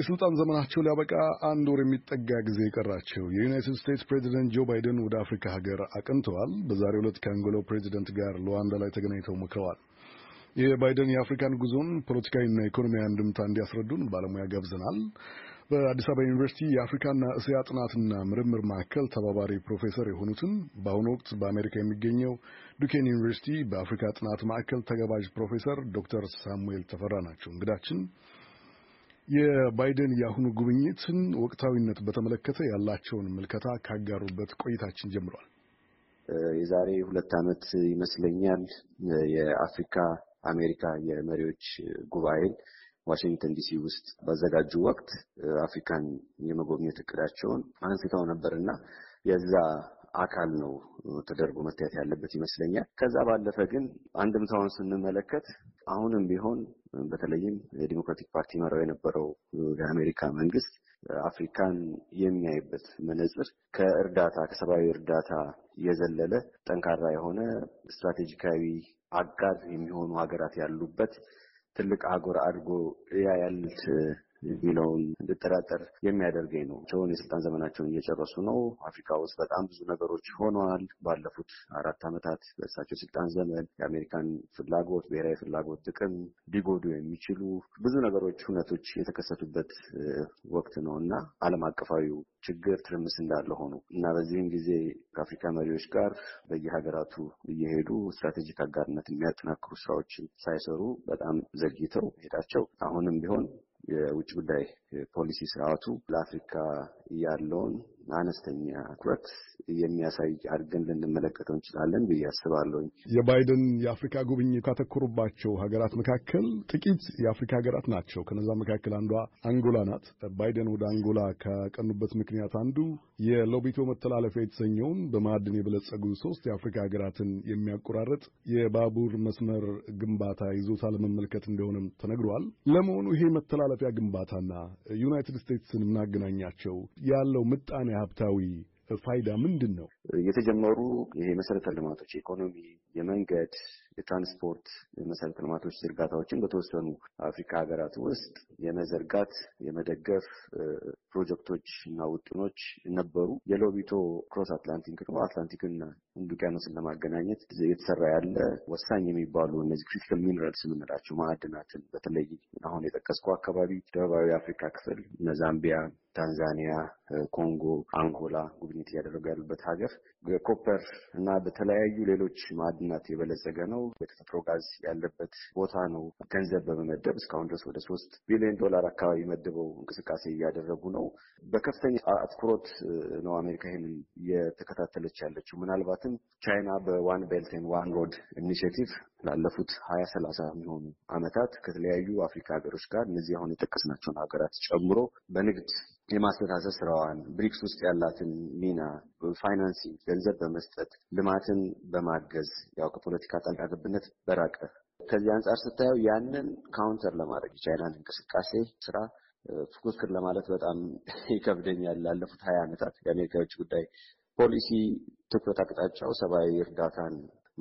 የስልጣን ዘመናቸው ሊያበቃ አንድ ወር የሚጠጋ ጊዜ የቀራቸው የዩናይትድ ስቴትስ ፕሬዚደንት ጆ ባይደን ወደ አፍሪካ ሀገር አቅንተዋል። በዛሬው ዕለት ከአንጎላው ፕሬዚደንት ጋር ሉዋንዳ ላይ ተገናኝተው መክረዋል። የባይደን የአፍሪካን ጉዞን ፖለቲካዊና ኢኮኖሚያዊ አንድምታ እንዲያስረዱን ባለሙያ ገብዘናል። በአዲስ አበባ ዩኒቨርሲቲ የአፍሪካና እስያ ጥናትና ምርምር ማዕከል ተባባሪ ፕሮፌሰር የሆኑትን በአሁኑ ወቅት በአሜሪካ የሚገኘው ዱኬን ዩኒቨርሲቲ በአፍሪካ ጥናት ማዕከል ተገባዥ ፕሮፌሰር ዶክተር ሳሙኤል ተፈራ ናቸው እንግዳችን። የባይደን የአሁኑ ጉብኝትን ወቅታዊነት በተመለከተ ያላቸውን ምልከታ ካጋሩበት ቆይታችን ጀምሯል። የዛሬ ሁለት ዓመት ይመስለኛል የአፍሪካ አሜሪካ የመሪዎች ጉባኤን ዋሽንግተን ዲሲ ውስጥ ባዘጋጁ ወቅት አፍሪካን የመጎብኘት እቅዳቸውን አንስተው ነበር እና የዛ አካል ነው ተደርጎ መታየት ያለበት ይመስለኛል። ከዛ ባለፈ ግን አንድምታውን ስንመለከት አሁንም ቢሆን በተለይም የዲሞክራቲክ ፓርቲ መራው የነበረው የአሜሪካ መንግስት አፍሪካን የሚያይበት መነጽር ከእርዳታ ከሰብአዊ እርዳታ የዘለለ ጠንካራ የሆነ ስትራቴጂካዊ አጋር የሚሆኑ ሀገራት ያሉበት ትልቅ አህጉር አድርጎ ያያል የሚለውን እንድጠራጠር የሚያደርገኝ ነው። ቸውን የስልጣን ዘመናቸውን እየጨረሱ ነው። አፍሪካ ውስጥ በጣም ብዙ ነገሮች ሆነዋል። ባለፉት አራት ዓመታት በእሳቸው ስልጣን ዘመን የአሜሪካን ፍላጎት፣ ብሔራዊ ፍላጎት፣ ጥቅም ሊጎዱ የሚችሉ ብዙ ነገሮች፣ እውነቶች የተከሰቱበት ወቅት ነው እና ዓለም አቀፋዊ ችግር ትርምስ እንዳለ ሆኖ እና በዚህም ጊዜ ከአፍሪካ መሪዎች ጋር በየሀገራቱ እየሄዱ ስትራቴጂክ አጋርነት የሚያጠናክሩ ስራዎችን ሳይሰሩ በጣም ዘግይተው መሄዳቸው አሁንም ቢሆን Yeah, which would they? ፖሊሲ ስርዓቱ ለአፍሪካ ያለውን አነስተኛ ትኩረት የሚያሳይ አድርገን ልንመለከተው እንችላለን ብዬ አስባለሁኝ። የባይደን የአፍሪካ ጉብኝ ካተኮሩባቸው ሀገራት መካከል ጥቂት የአፍሪካ ሀገራት ናቸው። ከነዛ መካከል አንዷ አንጎላ ናት። ባይደን ወደ አንጎላ ካቀኑበት ምክንያት አንዱ የሎቢቶ መተላለፊያ የተሰኘውን በማዕድን የበለጸጉ ሶስት የአፍሪካ ሀገራትን የሚያቆራረጥ የባቡር መስመር ግንባታ ይዞታ ለመመልከት እንደሆነም ተነግሯል። ለመሆኑ ይሄ መተላለፊያ ግንባታና ዩናይትድ ስቴትስን የምናገናኛቸው ያለው ምጣኔ ሀብታዊ ፋይዳ ምንድን ነው? የተጀመሩ ይሄ መሰረተ ልማቶች የኢኮኖሚ፣ የመንገድ፣ የትራንስፖርት መሰረተ ልማቶች ዝርጋታዎችን በተወሰኑ አፍሪካ ሀገራት ውስጥ የመዘርጋት የመደገፍ ፕሮጀክቶች እና ውጥኖች ነበሩ። የሎቢቶ ክሮስ አትላንቲክ ነው። አትላንቲክና ህንድ ውቅያኖስን ለማገናኘት የተሰራ ያለ ወሳኝ የሚባሉ እነዚህ ክሪቲካል ሚነራልስ የምንላቸው ማዕድናትን በተለይ አሁን የጠቀስኩ አካባቢ ደቡባዊ የአፍሪካ ክፍል እነ ዛምቢያ፣ ታንዛኒያ፣ ኮንጎ፣ አንጎላ ጉብኝት እያደረጉ ያሉበት ሀገር በኮፐር እና በተለያዩ ሌሎች ማዕድናት የበለጸገ ነው። የተፈጥሮ ጋዝ ያለበት ቦታ ነው ገንዘብ በመመደብ እስካሁን ድረስ ወደ ሶስት ቢሊዮን ዶላር አካባቢ መድበው እንቅስቃሴ እያደረጉ ነው። በከፍተኛ አትኩሮት ነው አሜሪካ ይህንን እየተከታተለች ያለችው። ምናልባትም ቻይና በዋን ቤልት ኤንድ ዋን ሮድ ኢኒሽቲቭ ላለፉት ሀያ ሰላሳ የሚሆኑ ዓመታት ከተለያዩ አፍሪካ ሀገሮች ጋር እነዚህ አሁን የጠቀስናቸውን ሀገራት ጨምሮ በንግድ የማስተሳሰብ ስራዋን ብሪክስ ውስጥ ያላትን ሚና ፋይናንሲንግ፣ ገንዘብ በመስጠት ልማትን በማገዝ ያው ከፖለቲካ ጣልቃ ገብነት በራቀ ከዚህ አንጻር ስታየው ያንን ካውንተር ለማድረግ የቻይናን እንቅስቃሴ ስራ ፉክክር ለማለት በጣም ይከብደኛል። ላለፉት ሀያ ዓመታት የአሜሪካ የውጭ ጉዳይ ፖሊሲ ትኩረት አቅጣጫው ሰብአዊ እርዳታን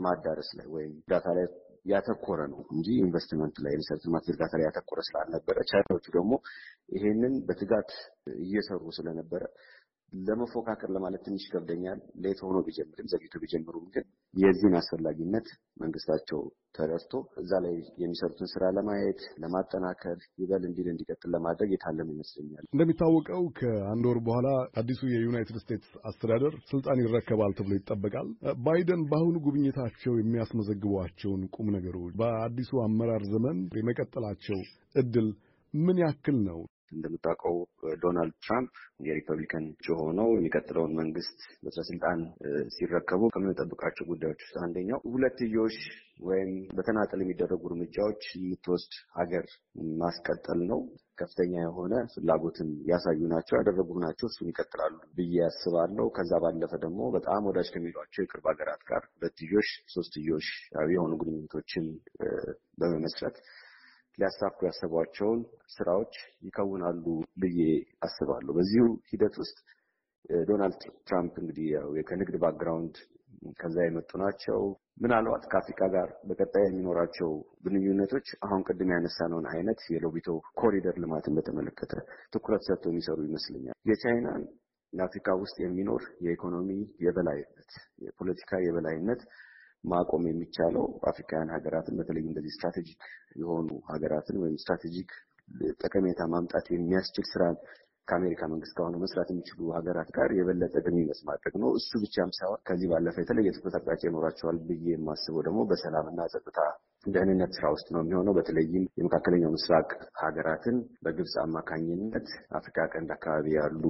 ማዳረስ ላይ ወይም እርዳታ ላይ ያተኮረ ነው እንጂ ኢንቨስትመንት ላይ ሪሰርች ልማት ዝርጋታ ላይ ያተኮረ ስላልነበረ ቻይናዎቹ ደግሞ ይሄንን በትጋት እየሰሩ ስለነበረ ለመፎካከር ለማለት ትንሽ ይከብደኛል። ሌት ሆኖ ቢጀምርም ዘግይቶ ቢጀምሩም ግን የዚህን አስፈላጊነት መንግስታቸው ተረድቶ እዛ ላይ የሚሰሩትን ስራ ለማየት ለማጠናከር ይበል እንዲል እንዲቀጥል ለማድረግ የታለም ይመስለኛል። እንደሚታወቀው ከአንድ ወር በኋላ አዲሱ የዩናይትድ ስቴትስ አስተዳደር ስልጣን ይረከባል ተብሎ ይጠበቃል። ባይደን በአሁኑ ጉብኝታቸው የሚያስመዘግቧቸውን ቁም ነገሮች በአዲሱ አመራር ዘመን የመቀጠላቸው እድል ምን ያክል ነው? እንደምታውቀው ዶናልድ ትራምፕ የሪፐብሊካን እጩ ሆነው የሚቀጥለውን መንግስት በስልጣን ሲረከቡ ከምንጠብቃቸው ጉዳዮች ውስጥ አንደኛው ሁለትዮሽ ወይም በተናጠል የሚደረጉ እርምጃዎች የምትወስድ ሀገር ማስቀጠል ነው። ከፍተኛ የሆነ ፍላጎትን ያሳዩ ናቸው፣ ያደረጉ ናቸው። እሱን ይቀጥላሉ ብዬ ያስባለው። ከዛ ባለፈ ደግሞ በጣም ወዳጅ ከሚሏቸው የቅርብ ሀገራት ጋር ሁለትዮሽ ሶስትዮሽ የሆኑ ግንኙነቶችን በመመስረት ሊያሳኩ ያሰቧቸውን ስራዎች ይከውናሉ ብዬ አስባለሁ። በዚሁ ሂደት ውስጥ ዶናልድ ትራምፕ እንግዲህ ከንግድ ባክግራውንድ ከዛ የመጡ ናቸው። ምናልባት ከአፍሪካ ጋር በቀጣይ የሚኖራቸው ግንኙነቶች አሁን ቅድም ያነሳነውን አይነት የሎቢቶ ኮሪደር ልማትን በተመለከተ ትኩረት ሰጥቶ የሚሰሩ ይመስለኛል። የቻይናን ለአፍሪካ ውስጥ የሚኖር የኢኮኖሚ የበላይነት፣ የፖለቲካ የበላይነት ማቆም የሚቻለው አፍሪካውያን ሀገራትን በተለይ እንደዚህ ስትራቴጂክ የሆኑ ሀገራትን ወይም ስትራቴጂክ ጠቀሜታ ማምጣት የሚያስችል ስራ ከአሜሪካ መንግስት ከሆነ መስራት የሚችሉ ሀገራት ጋር የበለጠ ግንኙነት ማድረግ ነው። እሱ ብቻም ሳይሆን ከዚህ ባለፈ የተለየ ትኩረት አቅጣጫ ይኖራቸዋል ብዬ የማስበው ደግሞ በሰላምና ጸጥታ ደህንነት ስራ ውስጥ ነው የሚሆነው። በተለይም የመካከለኛው ምስራቅ ሀገራትን በግብፅ አማካኝነት አፍሪካ ቀንድ አካባቢ ያሉ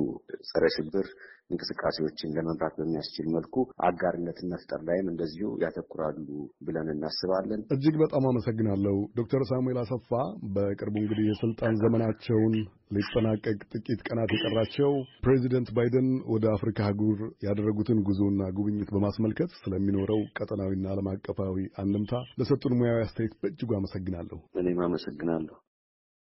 ጸረ ሽብር እንቅስቃሴዎችን ለመምራት በሚያስችል መልኩ አጋርነት መፍጠር ላይም እንደዚሁ ያተኩራሉ ብለን እናስባለን። እጅግ በጣም አመሰግናለሁ ዶክተር ሳሙኤል አሰፋ። በቅርቡ እንግዲህ የስልጣን ዘመናቸውን ሊጠናቀቅ ጥቂት ቀናት የቀራቸው ፕሬዚደንት ባይደን ወደ አፍሪካ አህጉር ያደረጉትን ጉዞና ጉብኝት በማስመልከት ስለሚኖረው ቀጠናዊና ዓለም አቀፋዊ አንድምታ ለሰጡን ሙያዊ አስተያየት በእጅጉ አመሰግናለሁ። እኔም አመሰግናለሁ።